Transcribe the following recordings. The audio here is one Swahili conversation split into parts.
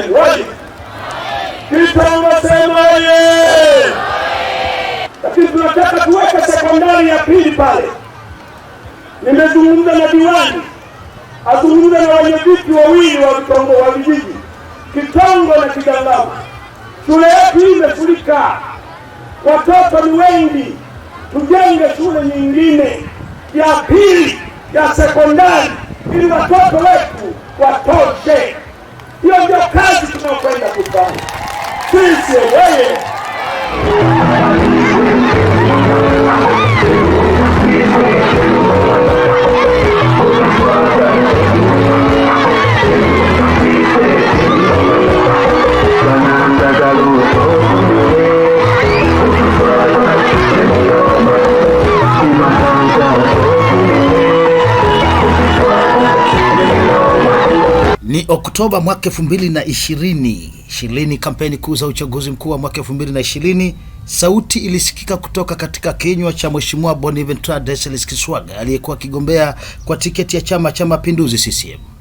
Waje Kitanga sema ye, lakini tunataka tuweke sekondari ya pili pale. Nimezungumza na diwani, azungumza na wenyeviti wawili wa vitongo wa vijiji Kitongo na Kigangama. Shule yetu imefurika, watoto ni wengi, tujenge shule nyingine ya pili ya sekondari ili watoto wetu watoke. Hiyo ndio kazi tunayokwenda kufanya sisi. Wewe Oktoba mwaka 2020 ishirini, kampeni kuu za uchaguzi mkuu wa mwaka 2020. Sauti ilisikika kutoka katika kinywa cha Mheshimiwa Bonaventure Deuselis Kiswaga aliyekuwa akigombea kwa tiketi ya Chama cha Mapinduzi CCM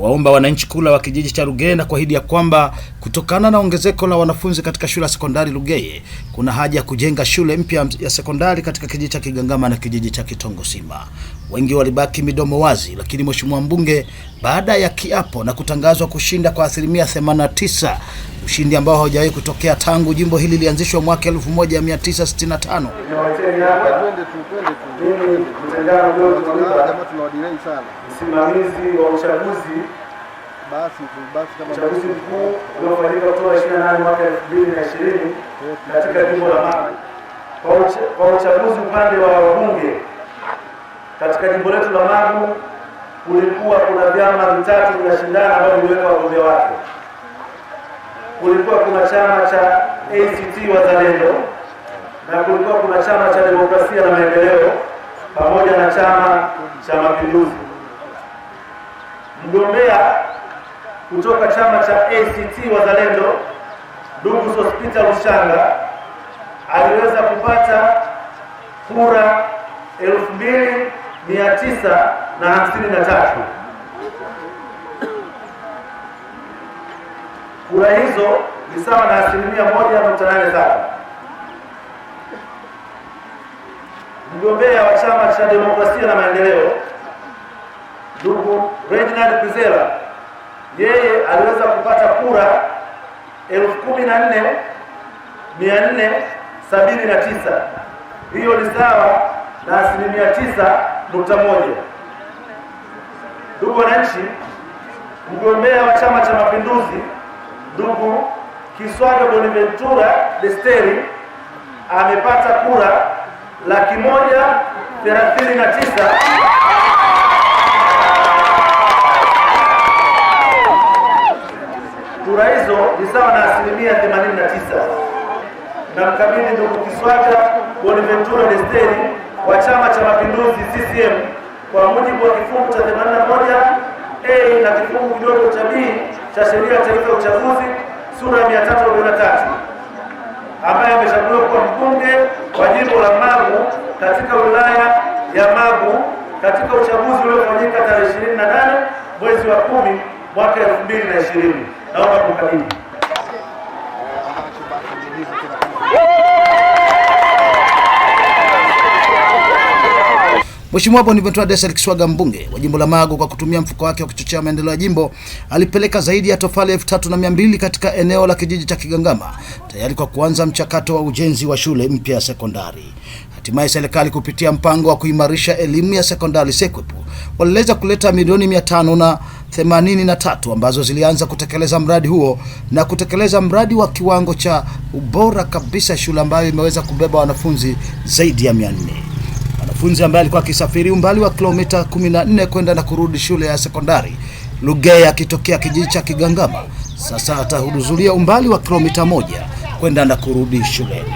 waomba wananchi kula wa kijiji cha Rugeye na kuahidi ya kwamba kutokana na ongezeko la wanafunzi katika shule ya sekondari Rugeye kuna haja ya kujenga shule mpya ya sekondari katika kijiji cha Kigangama na kijiji cha Kitongosima. Wengi walibaki midomo wazi, lakini mheshimiwa mbunge baada ya kiapo na kutangazwa kushinda kwa asilimia 89, ushindi ambao haujawahi kutokea tangu jimbo hili lilianzishwa mwaka 1965 usimamizi wa uchaguzi uchaguzi mkuu uliofanyika Oktoba 28 mwaka 2020 katika jimbo la Magu. Kwa uchaguzi upande wa wabunge katika jimbo letu la Magu kulikuwa kuna vyama vitatu vinashindana ambao viliweka wagombea wake. Kulikuwa kuna chama cha ACT Wazalendo na kulikuwa kuna chama cha Demokrasia na Maendeleo pamoja na Chama cha Mapinduzi mgombea kutoka chama cha ACT Wazalendo ndugu Sospita Lushanga aliweza kupata kura 2953. Kura hizo ni sawa na asilimia 1.87. Mgombea wa chama cha demokrasia na maendeleo ndugu Reginald Kwizera, yeye aliweza kupata kura elfu kumi na nne mia nne sabini na tisa. Hiyo ni sawa na asilimia tisa nukta moja. Ndugu wananchi, mgombea wa Chama cha Mapinduzi ndugu Kiswaga Bonaventura Desteri amepata kura laki moja thelathini na tisa kura hizo ni sawa na asilimia 89. Na mkabidhi ndugu Kiswaga Bonaventura Desteri wa Chama cha Mapinduzi CCM kwa mujibu wa kifungu cha 81 a na kifungu kidogo cha b cha sheria ya taifa ya uchaguzi sura ya 343 ambaye amechaguliwa kuwa mbunge wa jimbo la Magu katika wilaya ya Magu katika uchaguzi uliofanyika tarehe 28 mwezi wa 10 mwaka 2020 naomba kumkabidhi Mheshimiwa Boniventura Kiswaga mbunge wa jimbo la Magu kwa kutumia mfuko wake wa kuchochea maendeleo ya jimbo alipeleka zaidi ya tofali elfu tatu na mia mbili katika eneo la kijiji cha Kigangama tayari kwa kuanza mchakato wa ujenzi wa shule mpya ya sekondari. Hatimaye serikali kupitia mpango wa kuimarisha elimu ya sekondari SEQUIP waliweza kuleta milioni mia tano na 83 ambazo zilianza kutekeleza mradi huo na kutekeleza mradi wa kiwango cha ubora kabisa, shule ambayo imeweza kubeba wanafunzi zaidi ya 400. Wanafunzi ambaye alikuwa akisafiri umbali wa kilomita 14 kwenda na kurudi shule ya sekondari Lugeye akitokea kijiji cha Kigangama, sasa atahudhuria umbali wa kilomita moja kwenda na kurudi shuleni.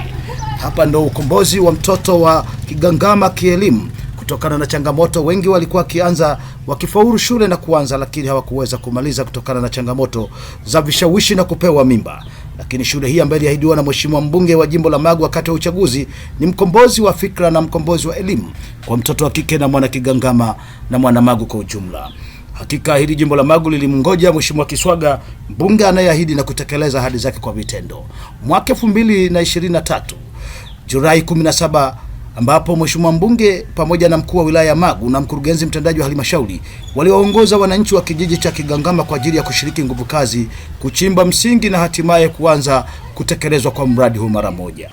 Hapa ndo ukombozi wa mtoto wa Kigangama kielimu Kutokana na changamoto, wengi walikuwa wakianza wakifaulu shule na kuanza, lakini hawakuweza kumaliza kutokana na changamoto za vishawishi na kupewa mimba. Lakini shule hii ambayo iliahidiwa na mheshimiwa mbunge wa jimbo la Magu wakati wa uchaguzi ni mkombozi wa fikra na mkombozi wa elimu kwa mtoto wa kike na mwana Kigangama na mwana Magu kwa ujumla. Hakika hili jimbo la Magu lilimngoja mheshimiwa Kiswaga, mbunge anayeahidi na kutekeleza ahadi zake kwa vitendo. Mwaka 2023 Julai 17 ambapo mheshimiwa mbunge pamoja na mkuu wa wilaya ya Magu na mkurugenzi mtendaji wa halmashauri waliwaongoza wananchi wa kijiji cha Kigangama kwa ajili ya kushiriki nguvu kazi, kuchimba msingi na hatimaye kuanza kutekelezwa kwa mradi huu mara moja.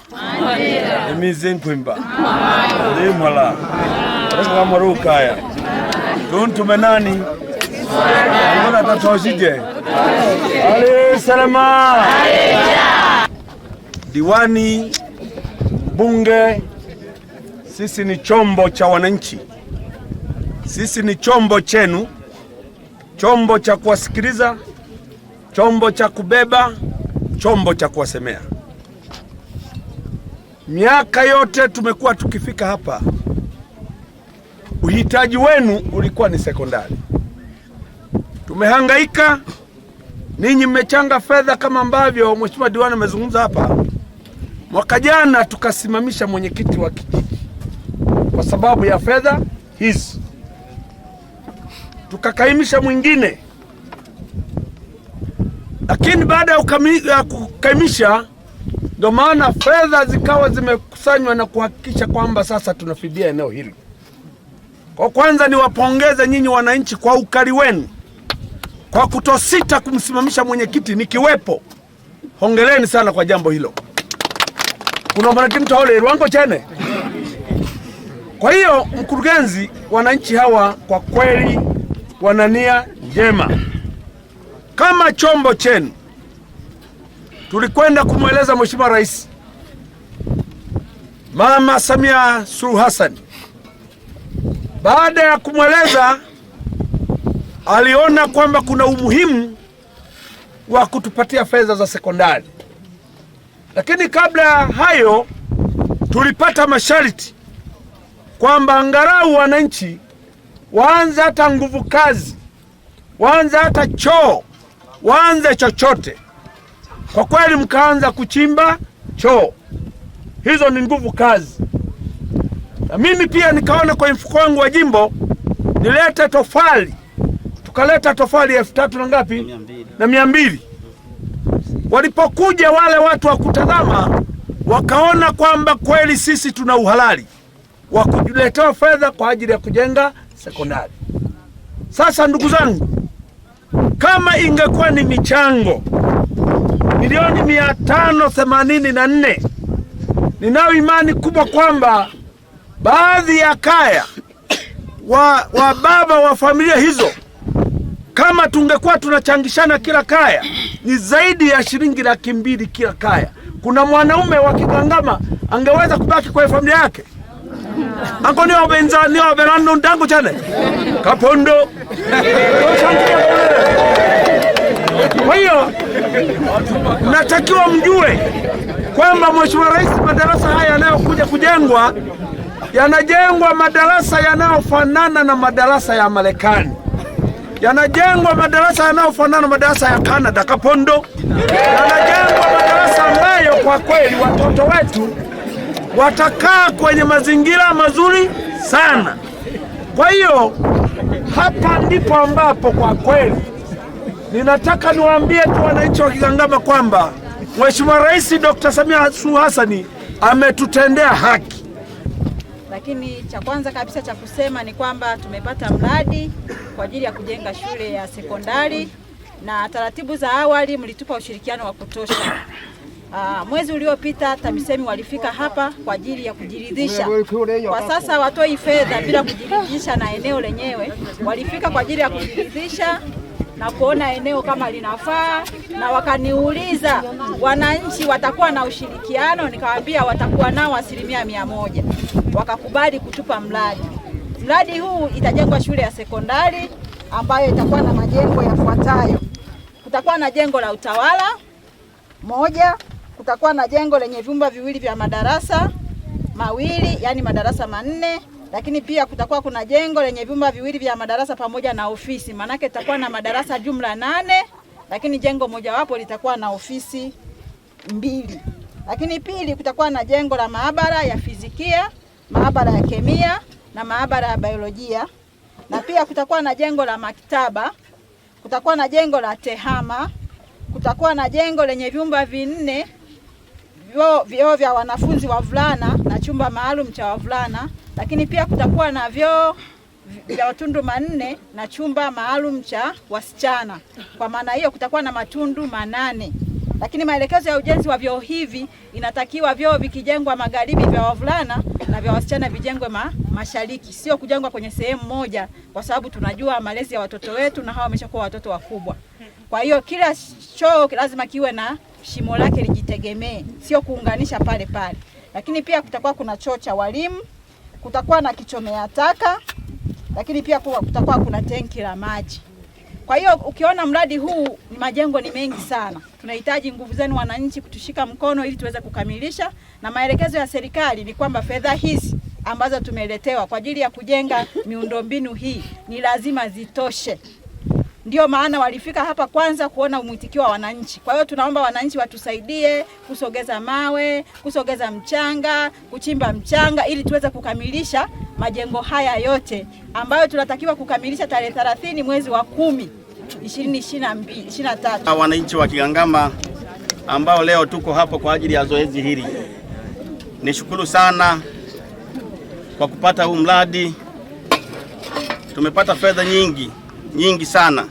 Diwani, bunge sisi ni chombo cha wananchi, sisi ni chombo chenu, chombo cha kuwasikiliza, chombo cha kubeba, chombo cha kuwasemea. Miaka yote tumekuwa tukifika hapa, uhitaji wenu ulikuwa ni sekondari. Tumehangaika, ninyi mmechanga fedha kama ambavyo mheshimiwa diwani amezungumza hapa. Mwaka jana tukasimamisha mwenyekiti wa kijiji kwa sababu ya fedha hizi, tukakaimisha mwingine. Lakini baada ya kukaimisha, ndio maana fedha zikawa zimekusanywa na kuhakikisha kwamba sasa tunafidia eneo hili. Kwa kwanza, niwapongeze nyinyi wananchi kwa ukali wenu, kwa kutosita kumsimamisha mwenyekiti nikiwepo. Hongereni sana kwa jambo hilo. kunombanakimtahole ilwango chene kwa hiyo mkurugenzi, wananchi hawa kwa kweli wana nia njema. Kama chombo chenu, tulikwenda kumweleza Mheshimiwa Rais Mama Samia Suluhu Hassan. Baada ya kumweleza, aliona kwamba kuna umuhimu wa kutupatia fedha za sekondari, lakini kabla hayo tulipata masharti kwamba angalau wananchi waanze hata nguvu kazi, waanze hata choo, waanze chochote. Kwa kweli, mkaanza kuchimba choo, hizo ni nguvu kazi. Na mimi pia nikaona kwenye mfuko wangu wa jimbo nilete tofali, tukaleta tofali elfu tatu na ngapi na mia mbili. Walipokuja wale watu wa kutazama, wakaona kwamba kweli sisi tuna uhalali wa kujiletea fedha kwa ajili ya kujenga sekondari. Sasa ndugu zangu, kama ingekuwa ni michango milioni mia tano themanini na nne, ninayo imani kubwa kwamba baadhi ya kaya wa, wa baba wa familia hizo kama tungekuwa tunachangishana kila kaya ni zaidi ya shilingi laki mbili kila kaya. Kuna mwanaume wa Kigangama angeweza kubaki kwa familia yake anko ni benza niyo beranno ndango chane kapondo kwa hiyo natakiwa mjue kwamba Mheshimiwa Rais, madarasa haya yanayokuja kujengwa yanajengwa madarasa yanayofanana na madarasa ya Marekani, yanajengwa madarasa yanayofanana na madarasa ya Kanada, Kapondo, yanajengwa madarasa ambayo kwa kweli watoto wetu watakaa kwenye mazingira mazuri sana. Kwa hiyo hapa ndipo ambapo kwa kweli ninataka niwaambie tu wananchi wa Kigangama kwamba Mheshimiwa Rais Dr. Samia Suluhu Hassan ametutendea haki. Lakini cha kwanza kabisa cha kusema ni kwamba tumepata mradi kwa ajili ya kujenga shule ya sekondari, na taratibu za awali mlitupa ushirikiano wa kutosha. Aa, ah, mwezi uliopita TAMISEMI walifika hapa kwa ajili ya kujiridhisha. Kwa sasa watoi fedha bila kujiridhisha na eneo lenyewe, walifika kwa ajili ya kujiridhisha na kuona eneo kama linafaa, na wakaniuliza wananchi watakuwa na ushirikiano, nikawaambia watakuwa nao asilimia mia moja. Wakakubali kutupa mradi. Mradi huu itajengwa shule ya sekondari ambayo itakuwa na majengo yafuatayo: kutakuwa na jengo la utawala moja kutakuwa na jengo lenye vyumba viwili vya madarasa mawili, yani madarasa manne, lakini pia kutakuwa kuna jengo lenye vyumba viwili vya madarasa pamoja na ofisi. Maanake itakuwa na madarasa jumla nane, lakini jengo mojawapo litakuwa na ofisi mbili. Lakini pili, kutakuwa na jengo la maabara ya fizikia, maabara ya kemia na maabara ya biolojia, na pia kutakuwa na jengo la maktaba, kutakuwa na jengo la tehama, kutakuwa na jengo lenye vyumba vinne vyoo, vya wanafunzi wavulana na chumba maalum cha wavulana, lakini pia kutakuwa na vyoo vya matundu manne na chumba maalum cha wasichana. Kwa maana hiyo kutakuwa na matundu manane, lakini maelekezo ya ujenzi wa vyoo hivi inatakiwa vyoo vikijengwa magharibi vya wavulana na vya wasichana vijengwe ma, mashariki, sio kujengwa kwenye sehemu moja, kwa sababu tunajua malezi ya watoto wetu na hawa wameshakuwa watoto wakubwa. Kwa hiyo kila choo lazima kiwe na shimo lake lijitegemee, sio kuunganisha pale pale. Lakini pia kutakuwa kuna choo cha walimu, kutakuwa na kichomea taka, lakini pia kutakuwa kuna tenki la maji. Kwa hiyo ukiona mradi huu, ni majengo ni mengi sana. Tunahitaji nguvu zenu wananchi, kutushika mkono ili tuweze kukamilisha, na maelekezo ya serikali ni kwamba fedha hizi ambazo tumeletewa kwa ajili ya kujenga miundombinu hii ni lazima zitoshe. Ndio maana walifika hapa kwanza kuona umwitikio wa wananchi. Kwa hiyo tunaomba wananchi watusaidie kusogeza mawe, kusogeza mchanga, kuchimba mchanga ili tuweze kukamilisha majengo haya yote ambayo tunatakiwa kukamilisha tarehe 30 mwezi wa kumi 2023. Wananchi wa Kigangama ambao leo tuko hapo kwa ajili ya zoezi hili, nishukuru sana kwa kupata huu mradi. Tumepata fedha nyingi nyingi sana,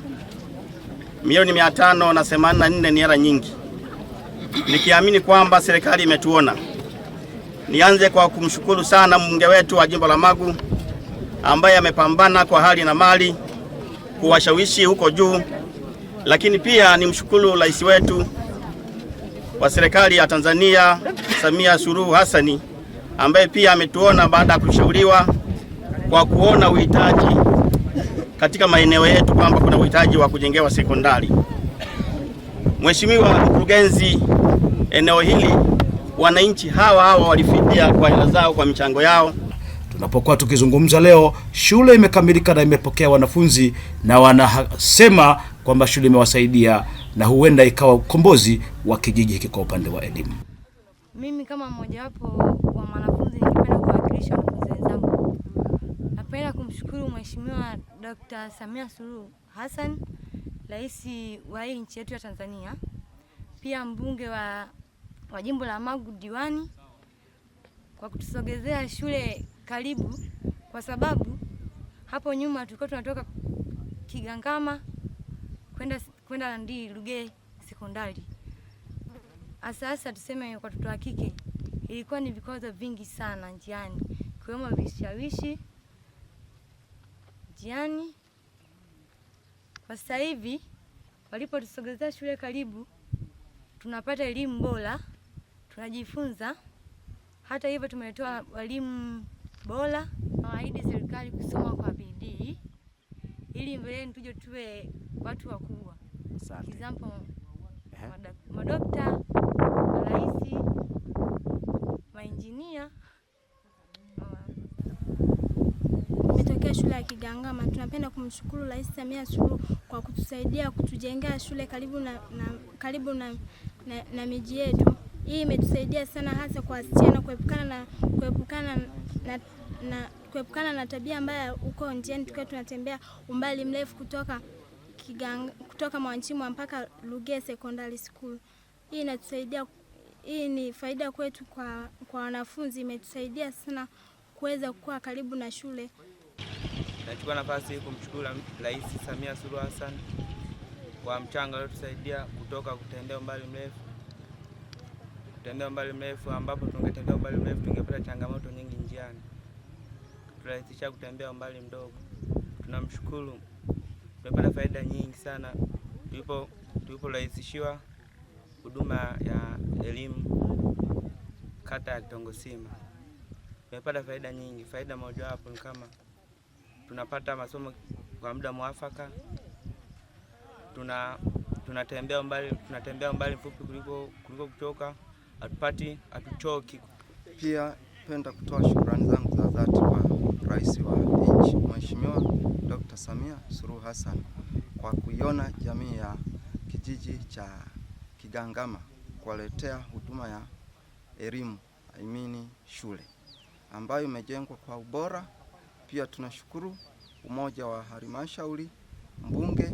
milioni mia tano na themanini na nne ni hela nyingi, nikiamini kwamba serikali imetuona. Nianze kwa kumshukuru sana mbunge wetu wa jimbo la Magu ambaye amepambana kwa hali na mali kuwashawishi huko juu, lakini pia nimshukuru rais wetu wa serikali ya Tanzania Samia Suluhu Hassani ambaye pia ametuona baada ya kushauriwa kwa kuona uhitaji katika maeneo yetu kwamba kuna uhitaji wa kujengewa sekondari. Mheshimiwa Mkurugenzi, eneo hili wananchi hawa hawa walifidia kwa hela zao, kwa michango yao. Tunapokuwa tukizungumza leo, shule imekamilika na imepokea wanafunzi, na wanasema kwamba shule imewasaidia na huenda ikawa ukombozi wa kijiji hiki kwa upande wa elimu. Mimi kama mmojawapo wa wanafunzi ningependa kuwakilisha wanafunzi wenzangu, napenda kumshukuru Mheshimiwa Dr. Samia Suluhu Hassan, rais wa hii nchi yetu ya Tanzania, pia mbunge wa, wa jimbo la Magu diwani, kwa kutusogezea shule karibu, kwa sababu hapo nyuma tulikuwa tunatoka Kigangama kwenda kwenda ndii Luge sekondari. Asasa tuseme kwa watoto wa kike ilikuwa ni vikwazo vingi sana njiani, ikiwemo vishawishi mtihani. Kwa sasa hivi walipotusogezea shule karibu, tunapata elimu bora, tunajifunza. Hata hivyo, tumetoa walimu bora. Nawaahidi serikali kusoma kwa bidii, ili mbeleni tuje tuwe watu wakubwa, example eh? madokta, maraisi, mainjinia. shule ya Kigangama. Tunapenda kumshukuru Rais Samia Suluhu kwa kutusaidia kutujengea shule karibu na, na, karibu na, na, na miji yetu. Hii imetusaidia sana hasa kwa wasichana kuepukana na, kuepukana na, na, kuepukana na tabia mbaya huko njiani tukiwa tunatembea umbali mrefu kutoka Kigang, kutoka Mwanchimwa mpaka Luge Secondary School. Hii inatusaidia hii ni faida kwetu kwa, kwa wanafunzi. Imetusaidia sana kuweza kuwa karibu na shule. Nachukua nafasi hii kumshukuru Rais Samia Suluhu Hassan kwa mchango aliotusaidia kutoka kutendea umbali mrefu kutendea umbali mrefu, ambapo tungetembea umbali mrefu tungepata changamoto nyingi njiani, turahisisha kutembea umbali mdogo. Tunamshukuru, tumepata faida nyingi sana tuliporahisishiwa huduma ya elimu kata ya Kitongosima. Tumepata faida nyingi, faida mojawapo ni kama tunapata masomo kwa muda mwafaka, tuna tunatembea mbali tunatembea mbali mfupi kuliko kuliko kutoka, hatupati hatuchoki. Pia penda kutoa shukrani zangu za dhati kwa Rais wa nchi Mheshimiwa Dr. Samia Suluhu Hassan kwa kuiona jamii ya kijiji cha Kigangama kuwaletea huduma ya elimu aimini shule ambayo imejengwa kwa ubora pia tunashukuru umoja wa halmashauri, mbunge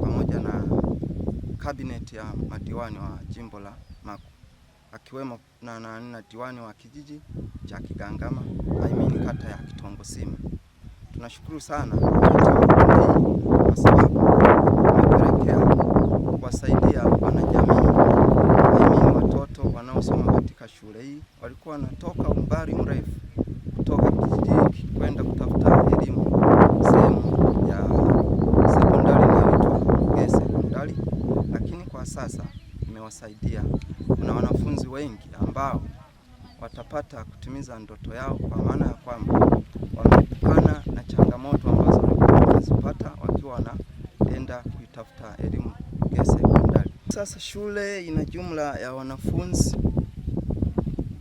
pamoja na kabineti ya madiwani wa jimbo la Magu akiwemo na, na, na diwani wa kijiji cha Kigangama I mean kata ya Kitongosima. Tunashukuru sana kwa sababu tumepelekea kuwasaidia wana hata kutimiza ndoto yao, kwa maana ya kwamba wameepukana na changamoto ambazo walikuwa wanazipata wakiwa wanaenda kuitafuta elimu ya sekondari. Sasa shule ina jumla ya wanafunzi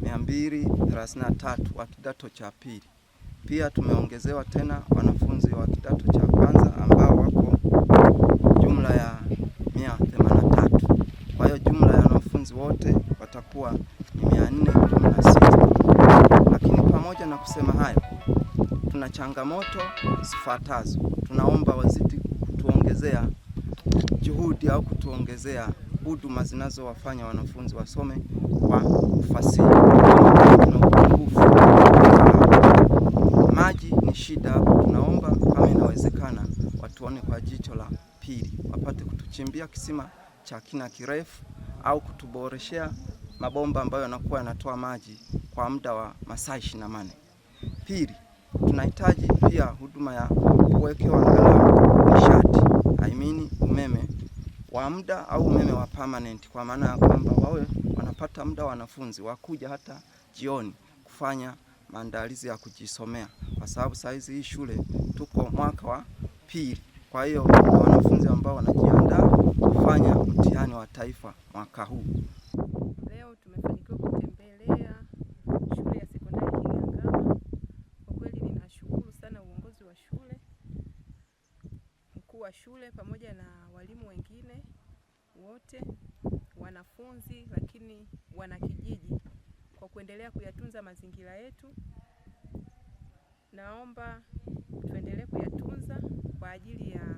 233 wa kidato cha pili. Pia tumeongezewa tena wanafunzi wa kidato cha kwanza ambao wako jumla ya 183. Kwa hiyo jumla ya wanafunzi wote watakuwa ni 416. Pamoja na kusema hayo, tuna changamoto zifuatazo. Tunaomba wazidi kutuongezea juhudi au kutuongezea huduma zinazowafanya wanafunzi wasome kwa ufasihi. Tuna upungufu maji, ni shida hapo. Tunaomba kama inawezekana, watuone kwa jicho la pili, wapate kutuchimbia kisima cha kina kirefu au kutuboreshea mabomba ambayo yanakuwa yanatoa maji kwa muda wa masaa ishirini na nane. Pili, tunahitaji pia huduma ya kuwekewa angalau nishati I mean umeme wa muda au umeme wa permanent, kwa maana ya kwamba wawe wanapata muda wanafunzi wakuja hata jioni kufanya maandalizi ya kujisomea, kwa sababu saizi hii shule tuko mwaka wa pili. Kwa hiyo wanafunzi ambao wanajiandaa kufanya mtihani wa taifa mwaka huu leo shule pamoja na walimu wengine wote, wanafunzi, lakini wanakijiji kwa kuendelea kuyatunza mazingira yetu. Naomba tuendelee kuyatunza kwa ajili ya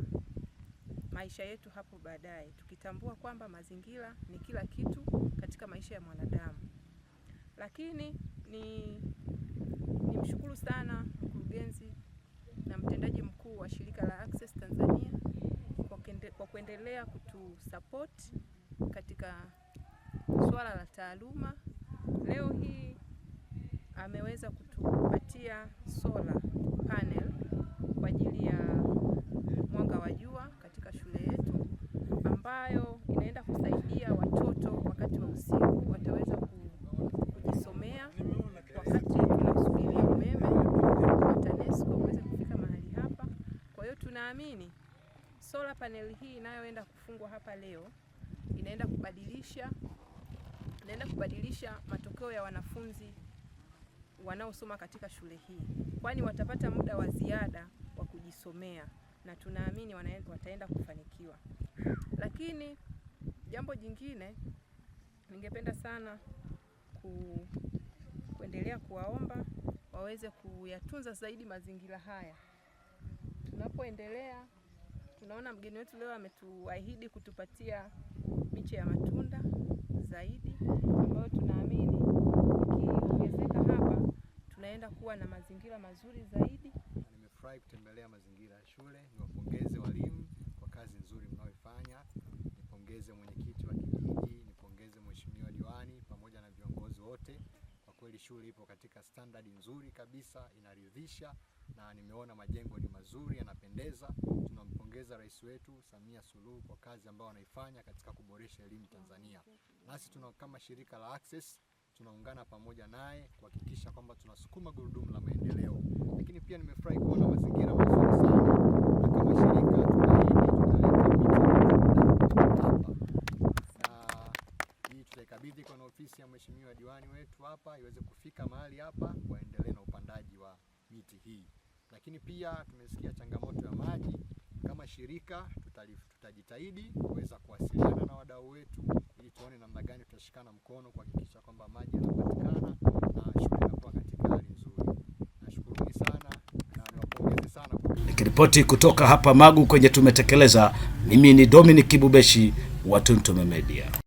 maisha yetu hapo baadaye, tukitambua kwamba mazingira ni kila kitu katika maisha ya mwanadamu. Lakini ni nimshukuru sana mkurugenzi na mtendaji mkuu wa shirika la kwa kuendelea kutusapoti katika swala la taaluma. Leo hii ameweza kutupatia sola panel kwa ajili ya mwanga wa jua katika shule yetu, ambayo inaenda kusaidia watoto wakati wa usiku wataweza kujisomea wakati tunasubiria umeme wa TANESCO uweze kufika mahali hapa. Kwa hiyo tunaamini solar panel hii inayoenda kufungwa hapa leo inaenda kubadilisha inaenda kubadilisha matokeo ya wanafunzi wanaosoma katika shule hii, kwani watapata muda wa ziada wa kujisomea na tunaamini wataenda kufanikiwa. Lakini jambo jingine, ningependa sana ku, kuendelea kuwaomba waweze kuyatunza zaidi mazingira haya tunapoendelea tunaona mgeni wetu leo ametuahidi kutupatia miche ya matunda zaidi ambayo tunaamini ikiongezeka hapa tunaenda kuwa na mazingira mazuri zaidi. Nimefurahi kutembelea mazingira ya shule. Niwapongeze walimu kwa kazi nzuri mnaoifanya. Nipongeze mwenyekiti wa kijiji, nipongeze mheshimiwa diwani pamoja na viongozi wote. Kwa kweli shule ipo katika standard nzuri kabisa, inaridhisha na nimeona majengo ni mazuri, yanapendeza. Tunampongeza rais wetu Samia Suluhu kwa kazi ambayo anaifanya katika kuboresha elimu Tanzania. Nasi tuna kama shirika la Access tunaungana pamoja naye kuhakikisha kwamba tunasukuma gurudumu la maendeleo, lakini pia nimefurahi kuona mazingira mazuri sana na kama shirika tutaikabidhi kwa ofisi ya mheshimiwa diwani wetu hapa iweze kufika mahali hapa waendelee na upandaji wa miti hii. Lakini pia tumesikia changamoto ya maji. Kama shirika tutajitahidi kuweza kuwasiliana na wadau wetu ili tuone namna gani tutashikana mkono kuhakikisha kwamba maji yanapatikana na shule inakuwa katika hali nzuri. Nashukuruni sana na niwapongeze sana. Nikiripoti kutoka hapa Magu kwenye tumetekeleza, mimi ni Dominic Kibubeshi wa Tuntume Media.